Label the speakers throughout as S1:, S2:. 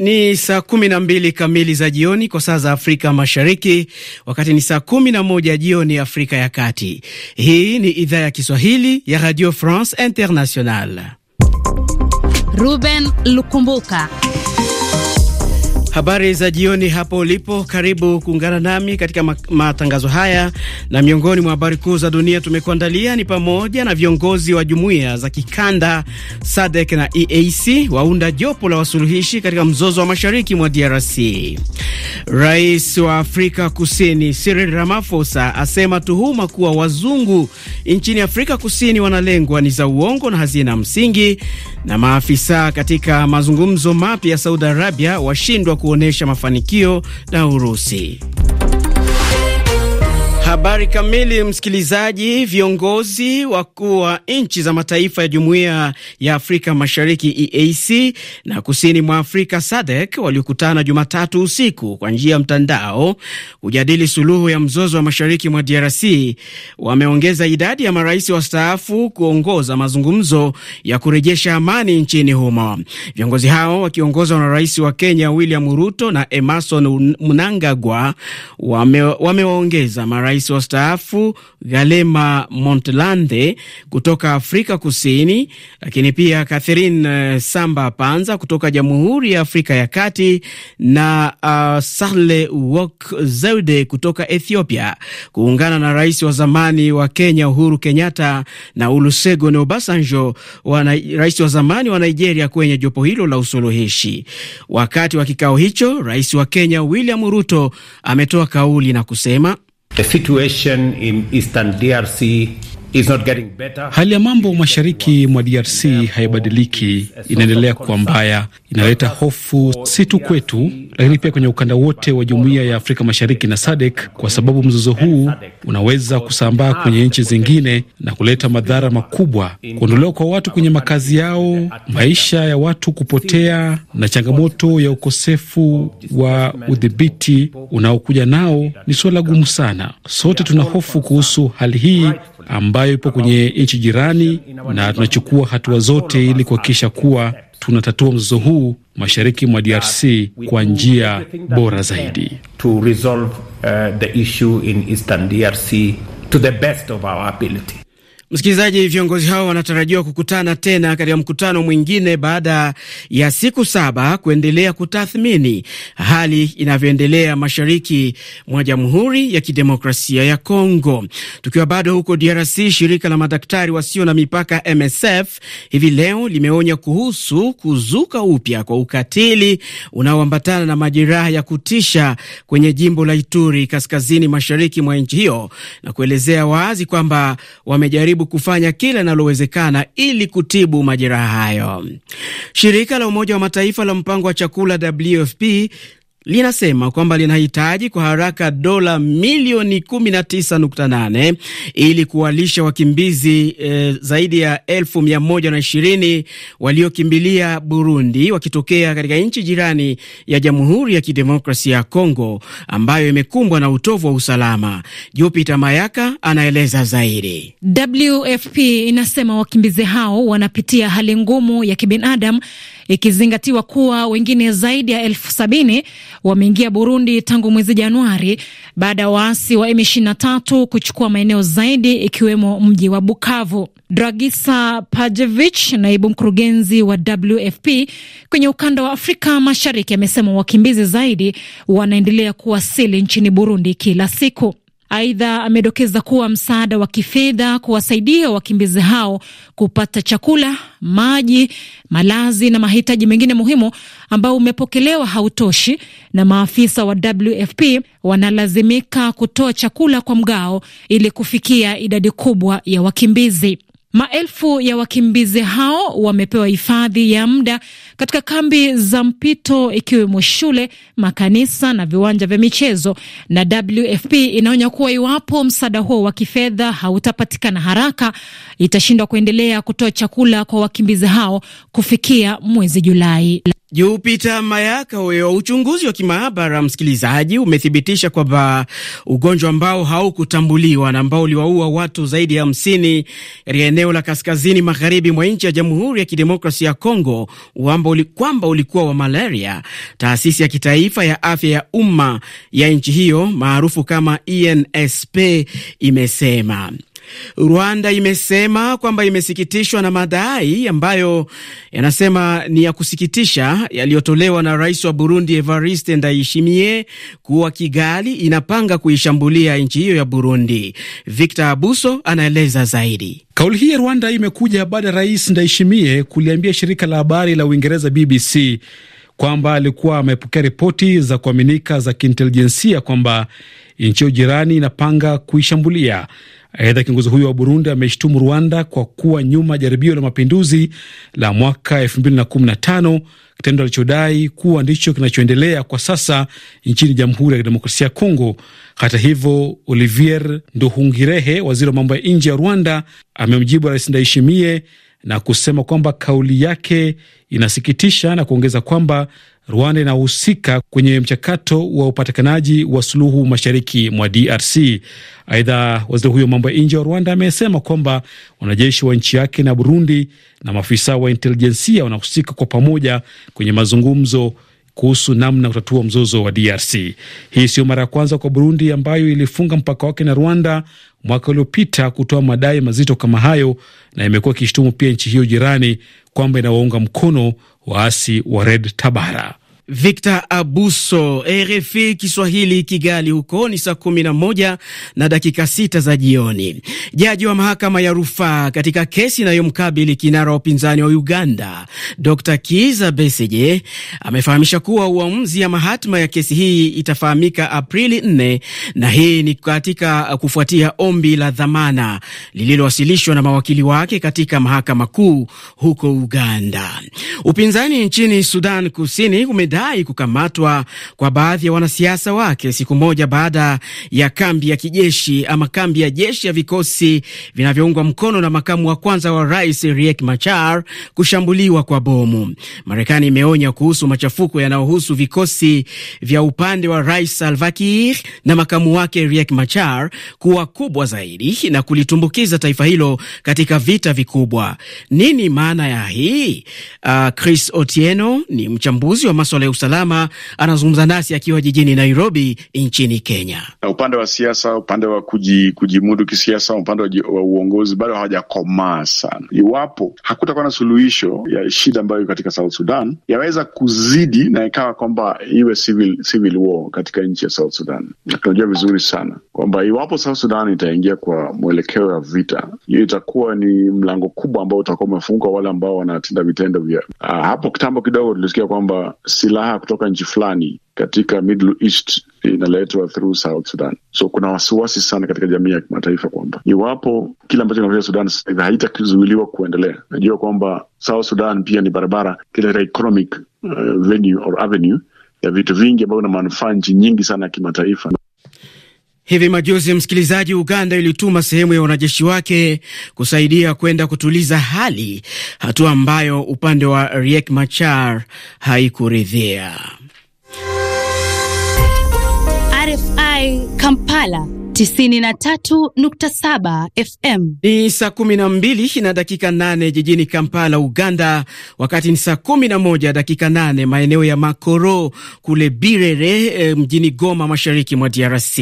S1: Ni saa kumi na mbili kamili za jioni kwa saa za Afrika Mashariki, wakati ni saa kumi na moja jioni Afrika ya Kati. Hii ni idhaa ya Kiswahili ya Radio France international
S2: Ruben Lukumbuka
S1: Habari za jioni hapo ulipo, karibu kuungana nami katika matangazo haya. Na miongoni mwa habari kuu za dunia tumekuandalia ni pamoja na viongozi wa jumuiya za kikanda SADC na EAC waunda jopo la wasuluhishi katika mzozo wa mashariki mwa DRC. Rais wa Afrika Kusini Cyril Ramaphosa asema tuhuma kuwa wazungu nchini Afrika Kusini wanalengwa ni za uongo na hazina msingi. Na maafisa katika mazungumzo mapya ya Saudi Arabia washindwa kuonyesha mafanikio na Urusi. Habari kamili, msikilizaji. Viongozi wakuu wa nchi za mataifa ya jumuiya ya Afrika Mashariki EAC na kusini mwa Afrika SADC waliokutana Jumatatu usiku kwa njia ya mtandao kujadili suluhu ya mzozo wa mashariki mwa DRC wameongeza idadi ya marais wastaafu kuongoza mazungumzo ya kurejesha amani nchini humo. Viongozi hao wakiongozwa na rais wa Kenya William Ruto na Emerson Mnangagwa wamewaongeza wame marais wa staafu Galema Montlande kutoka Afrika Kusini, lakini pia Catherine eh, Samba Panza kutoka Jamhuri ya Afrika ya Kati na uh, eh, Sahle Work Zewde kutoka Ethiopia kuungana na rais wa zamani wa Kenya Uhuru Kenyatta na Olusegun Obasanjo wana, rais wa zamani wa Nigeria kwenye jopo hilo la usuluhishi. Wakati wa kikao hicho, rais wa Kenya William Ruto ametoa kauli na kusema The situation
S3: in eastern DRC Hali ya mambo mashariki mwa DRC haibadiliki, inaendelea kuwa mbaya, inaleta hofu si tu kwetu, lakini pia kwenye ukanda wote wa Jumuiya ya Afrika Mashariki na SADC, kwa sababu mzozo huu unaweza kusambaa kwenye nchi zingine na kuleta madhara makubwa, kuondolewa kwa watu kwenye makazi yao, maisha ya watu kupotea, na changamoto ya ukosefu wa udhibiti unaokuja nao ni suala gumu sana. Sote tuna hofu kuhusu hali hii ambayo ipo kwenye nchi jirani, na tunachukua hatua zote ili kuhakikisha kuwa tunatatua mzozo huu mashariki mwa DRC kwa njia bora zaidi. To resolve, uh, the issue in Eastern DRC to the best of our ability.
S1: Msikilizaji, viongozi hao wanatarajiwa kukutana tena katika mkutano mwingine baada ya siku saba kuendelea kutathmini hali inavyoendelea mashariki mwa Jamhuri ya Kidemokrasia ya Kongo. Tukiwa bado huko DRC, shirika la madaktari wasio na mipaka MSF hivi leo limeonya kuhusu kuzuka upya kwa ukatili unaoambatana na majeraha ya kutisha kwenye jimbo la Ituri kaskazini mashariki mwa nchi hiyo na kuelezea wazi kwamba wamejaribu kujaribu kufanya kila linalowezekana ili kutibu majeraha hayo. Shirika la Umoja wa Mataifa la mpango wa chakula WFP linasema kwamba linahitaji kwa haraka dola milioni 19.8 ili kuwalisha wakimbizi e, zaidi ya elfu mia waliokimbilia Burundi wakitokea katika nchi jirani ya Jamhuri ya Kidemokrasia ya Kongo ambayo imekumbwa na utovu wa usalama. Jupita Mayaka anaeleza zaidi.
S4: WFP inasema wakimbizi hao wanapitia hali ngumu ya kibinadamu ikizingatiwa kuwa wengine zaidi ya elfu sabini wameingia Burundi tangu mwezi Januari baada ya waasi wa M23 kuchukua maeneo zaidi ikiwemo mji wa Bukavu. Dragisa Pajevich, naibu mkurugenzi wa WFP kwenye ukanda wa Afrika Mashariki, amesema wakimbizi zaidi wanaendelea kuwasili nchini Burundi kila siku. Aidha, amedokeza kuwa msaada wa kifedha kuwasaidia wakimbizi hao kupata chakula, maji, malazi na mahitaji mengine muhimu ambao umepokelewa hautoshi, na maafisa wa WFP wanalazimika kutoa chakula kwa mgao ili kufikia idadi kubwa ya wakimbizi. Maelfu ya wakimbizi hao wamepewa hifadhi ya muda katika kambi za mpito ikiwemo shule, makanisa na viwanja vya michezo. Na WFP inaonya kuwa iwapo msaada huo wa kifedha hautapatikana haraka, itashindwa kuendelea kutoa chakula kwa wakimbizi hao kufikia mwezi Julai.
S1: Jupita Mayaka huyo. Uchunguzi wa kimaabara msikilizaji, umethibitisha kwamba ugonjwa ambao haukutambuliwa na ambao uliwaua watu zaidi ya hamsini katika eneo la kaskazini magharibi mwa nchi ya Jamhuri ya Kidemokrasia ya Kongo uamba ambao kwamba ulikuwa wa malaria, taasisi ya kitaifa ya afya ya umma ya nchi hiyo maarufu kama ENSP imesema. Rwanda imesema kwamba imesikitishwa na madai ambayo yanasema ni ya kusikitisha yaliyotolewa na rais wa Burundi Evariste Ndayishimiye kuwa Kigali inapanga kuishambulia nchi hiyo ya Burundi.
S3: Victor Abuso anaeleza zaidi. Kauli hii ya Rwanda imekuja baada ya rais Ndayishimiye kuliambia shirika la habari la Uingereza BBC kwamba alikuwa amepokea ripoti za kuaminika za kiintelijensia kwamba nchi hiyo jirani inapanga kuishambulia. Aidha, kiongozi huyo wa Burundi ameshtumu Rwanda kwa kuwa nyuma jaribio la mapinduzi la mwaka 2015 kitendo alichodai kuwa ndicho kinachoendelea kwa sasa nchini Jamhuri ya Kidemokrasia ya Kongo. Hata hivyo, Olivier Nduhungirehe, waziri wa mambo ya nje ya Rwanda, amemjibu Rais Ndayishimiye na kusema kwamba kauli yake inasikitisha na kuongeza kwamba Rwanda inahusika kwenye mchakato wa upatikanaji wa suluhu mashariki mwa DRC. Aidha, waziri huyo mambo ya nje wa Rwanda amesema kwamba wanajeshi wa nchi yake na Burundi na maafisa wa intelijensia wanahusika kwa pamoja kwenye mazungumzo kuhusu namna kutatua mzozo wa DRC. Hii siyo mara ya kwanza kwa Burundi ambayo ilifunga mpaka wake na Rwanda mwaka uliopita kutoa madai mazito kama hayo, na imekuwa ikishutumu pia nchi hiyo jirani kwamba inawaunga mkono waasi wa Red Tabara. Victor
S1: Abuso, RFI Kiswahili, Kigali. Huko ni saa kumi na moja na dakika sita za jioni. Jaji wa mahakama ya rufaa katika kesi inayomkabili kinara wa upinzani wa Uganda Dr Kiza Besigye amefahamisha kuwa uamuzi ya mahatima ya kesi hii itafahamika Aprili 4, na hii ni katika kufuatia ombi la dhamana lililowasilishwa na mawakili wake katika mahakama kuu huko Uganda. Upinzani nchini Sudan Kusini umeda alidai kukamatwa kwa baadhi ya wanasiasa wake siku moja baada ya kambi ya kijeshi ama kambi ya jeshi ya vikosi vinavyoungwa mkono na makamu wa kwanza wa rais Riek Machar kushambuliwa kwa bomu. Marekani imeonya kuhusu machafuko yanayohusu vikosi vya upande wa rais Salva Kiir na makamu wake Riek Machar kuwa kubwa zaidi na kulitumbukiza taifa hilo katika vita vikubwa. Nini maana ya hii? Uh, Chris Otieno ni mchambuzi wa maswala usalama anazungumza nasi akiwa jijini Nairobi nchini Kenya.
S3: Upande wa siasa, upande wa kuji, kujimudu kisiasa, upande wa uongozi bado hawajakomaa sana. Iwapo hakutakuwa na suluhisho ya shida ambayo katika South Sudan, yaweza kuzidi na ikawa kwamba iwe civil, civil war katika nchi ya South Sudan. Tunajua vizuri sana kwamba iwapo South Sudan itaingia kwa mwelekeo ya vita, hiyo itakuwa ni mlango kubwa ambao utakuwa umefungwa wale ambao wanatenda vitendo vya. Ah, hapo kitambo kidogo tulisikia kwamba silaha kutoka nchi fulani katika Middle East inaletwa through South Sudan. So kuna wasiwasi sana katika jamii ya kimataifa kwamba iwapo kile ambacho kinaendelea Sudan haitazuiliwa kuendelea, najua kwamba South Sudan pia ni barabara kile economic uh, venue or avenue ya vitu vingi ambavyo na manufaa nchi nyingi sana ya kimataifa.
S1: Hivi majuzi msikilizaji, Uganda ilituma sehemu ya wanajeshi wake kusaidia kwenda kutuliza hali, hatua ambayo upande wa Riek Machar haikuridhia.
S2: RFI Kampala 93.7 FM.
S1: Ni saa 12 na dakika 8 jijini Kampala, Uganda, wakati ni saa 11 dakika 8 maeneo ya Makoro kule Birere e, mjini Goma mashariki mwa DRC.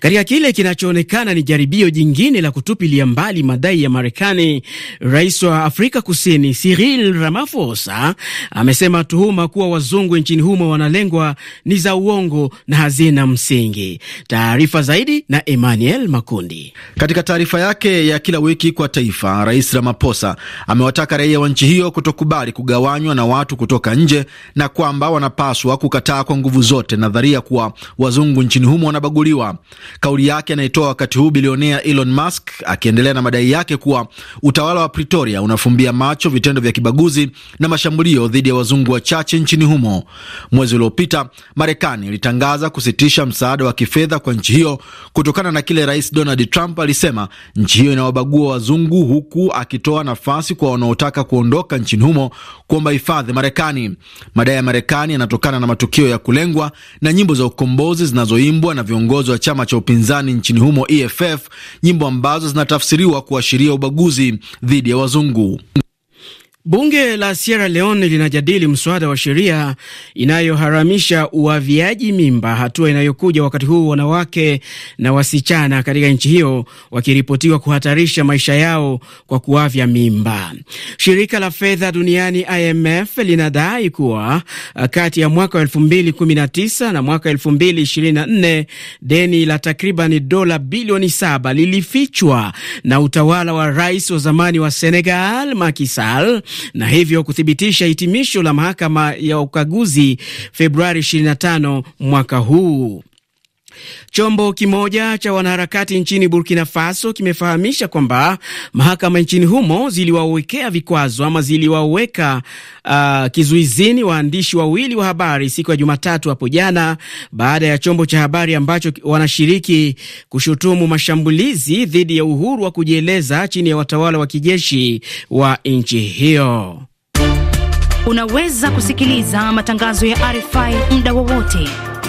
S1: Katika kile kinachoonekana ni jaribio jingine la kutupilia mbali madai ya Marekani, Rais wa Afrika Kusini Cyril Ramaphosa amesema tuhuma kuwa wazungu nchini humo wanalengwa ni za uongo na hazina msingi. Taarifa zaidi Makundi na Emmanuel
S3: Makundi. Katika taarifa yake ya kila wiki kwa taifa, Rais Ramaphosa amewataka raia wa nchi hiyo kutokubali kugawanywa na watu kutoka nje na kwamba wanapaswa kukataa kwa nguvu zote nadharia kuwa wazungu nchini humo wanabaguliwa. Kauli yake anaitoa wakati huu bilionea Elon Musk akiendelea na madai yake kuwa utawala wa Pretoria unafumbia macho vitendo vya kibaguzi na mashambulio dhidi ya wazungu wachache nchini humo. Mwezi uliopita, Marekani ilitangaza kusitisha msaada wa kifedha kwa nchi hiyo kutokana na kile Rais Donald Trump alisema nchi hiyo inawabagua wazungu, huku akitoa nafasi kwa wanaotaka kuondoka nchini humo kuomba hifadhi Marekani. Madai ya Marekani yanatokana na matukio ya kulengwa na nyimbo za ukombozi zinazoimbwa na viongozi wa chama cha upinzani nchini humo EFF, nyimbo ambazo zinatafsiriwa kuashiria ubaguzi dhidi ya wazungu.
S1: Bunge la Sierra Leone linajadili mswada wa sheria inayoharamisha uaviaji mimba, hatua inayokuja wakati huu wanawake na wasichana katika nchi hiyo wakiripotiwa kuhatarisha maisha yao kwa kuavya mimba. Shirika la fedha duniani IMF linadai kuwa kati ya mwaka wa 2019 na mwaka 2024 deni la takribani dola bilioni saba lilifichwa na utawala wa rais wa zamani wa Senegal Macky Sall na hivyo kuthibitisha hitimisho la mahakama ya ukaguzi Februari 25 mwaka huu. Chombo kimoja cha wanaharakati nchini Burkina Faso kimefahamisha kwamba mahakama nchini humo ziliwawekea vikwazo ama ziliwaweka uh, kizuizini waandishi wawili wa habari siku ya Jumatatu hapo jana baada ya chombo cha habari ambacho wanashiriki kushutumu mashambulizi dhidi ya uhuru wa kujieleza chini ya watawala wa kijeshi wa nchi hiyo.
S2: Unaweza kusikiliza matangazo ya RFI muda wowote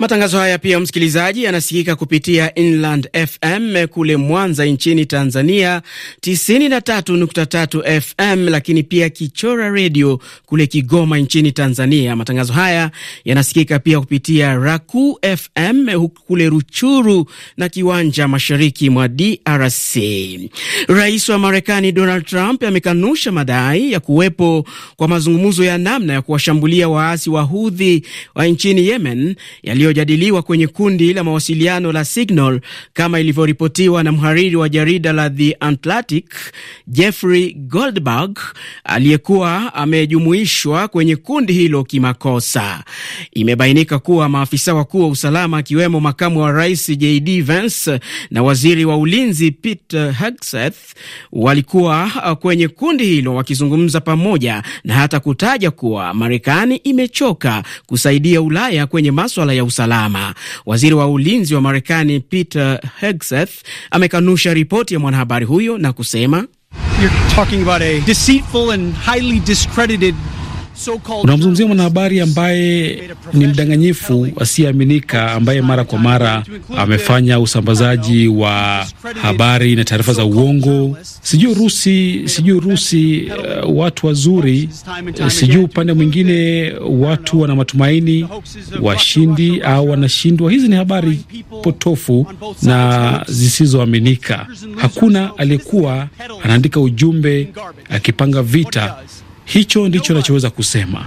S1: Matangazo haya pia, msikilizaji, yanasikika kupitia Inland FM kule Mwanza nchini Tanzania 93.3 FM, lakini pia Kichora redio kule Kigoma nchini Tanzania. Matangazo haya yanasikika pia kupitia Raku FM kule Ruchuru na Kiwanja, mashariki mwa DRC. Rais wa Marekani Donald Trump amekanusha madai ya kuwepo kwa mazungumzo ya namna ya kuwashambulia waasi wa Hudhi wa nchini Yemen yaliyo iliyojadiliwa kwenye kundi la mawasiliano la Signal kama ilivyoripotiwa na mhariri wa jarida la The Atlantic Jeffrey Goldberg aliyekuwa amejumuishwa kwenye kundi hilo kimakosa. Imebainika kuwa maafisa wakuu wa usalama akiwemo makamu wa rais JD Vance na waziri wa ulinzi Pete Hegseth walikuwa kwenye kundi hilo wakizungumza pamoja na hata kutaja kuwa Marekani imechoka kusaidia Ulaya kwenye maswala ya usalama usalama. Waziri wa ulinzi wa Marekani Peter Hegseth amekanusha ripoti ya mwanahabari huyo na kusema You're
S3: Unamzungumzia mwanahabari ambaye ni mdanganyifu asiyeaminika, ambaye mara kwa mara amefanya usambazaji wa habari na taarifa za uongo. Sijui Urusi, sijui Urusi uh, watu wazuri, uh, sijui upande mwingine watu wana matumaini, washindi au wanashindwa. Hizi ni habari potofu na zisizoaminika. Hakuna aliyekuwa anaandika ujumbe akipanga vita Hicho ndicho nachoweza kusema.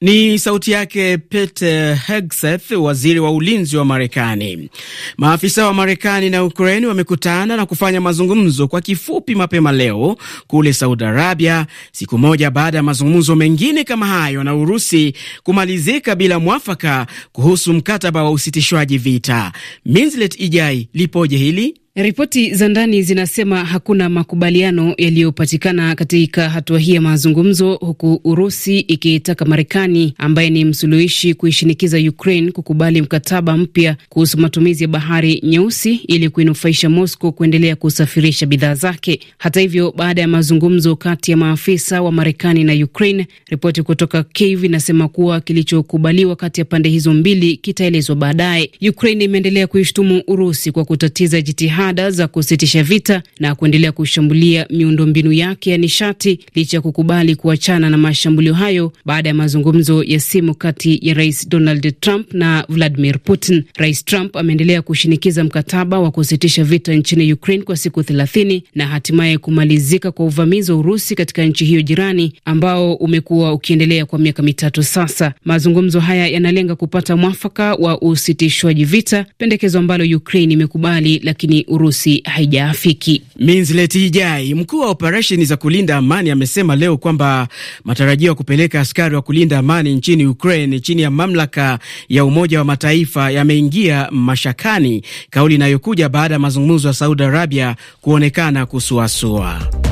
S1: Ni sauti yake Pete Hegseth, waziri wa ulinzi wa Marekani. Maafisa wa Marekani na Ukraini wamekutana na kufanya mazungumzo kwa kifupi mapema leo kule Saudi Arabia, siku moja baada ya mazungumzo mengine kama hayo na Urusi kumalizika bila mwafaka kuhusu mkataba wa usitishwaji vita. minlet Ijai, lipoje hili?
S2: Ripoti za ndani zinasema hakuna makubaliano yaliyopatikana katika hatua hii ya mazungumzo, huku Urusi ikitaka Marekani ambaye ni msuluhishi kuishinikiza Ukraine kukubali mkataba mpya kuhusu matumizi ya bahari nyeusi ili kuinufaisha Moscow kuendelea kusafirisha bidhaa zake. Hata hivyo, baada ya mazungumzo kati ya maafisa wa Marekani na Ukraine, ripoti kutoka Kiev inasema kuwa kilichokubaliwa kati ya pande hizo mbili kitaelezwa baadaye. Ukraine imeendelea kuishtumu Urusi kwa kutatiza jitihada jitihada za kusitisha vita na kuendelea kushambulia miundombinu yake ya nishati licha ya kukubali kuachana na mashambulio hayo baada ya mazungumzo ya simu kati ya Rais Donald Trump na Vladimir Putin. Rais Trump ameendelea kushinikiza mkataba wa kusitisha vita nchini Ukraine kwa siku thelathini na hatimaye kumalizika kwa uvamizi wa Urusi katika nchi hiyo jirani ambao umekuwa ukiendelea kwa miaka mitatu sasa. Mazungumzo haya yanalenga kupata mwafaka wa usitishwaji vita, pendekezo ambalo Ukraine imekubali lakini Urusi haijafiki. minslet Ijai,
S1: mkuu wa operesheni za kulinda amani, amesema leo kwamba matarajio ya kupeleka askari wa kulinda amani nchini Ukraine chini ya mamlaka ya Umoja wa Mataifa yameingia mashakani, kauli inayokuja baada ya mazungumzo ya Saudi Arabia kuonekana kusuasua.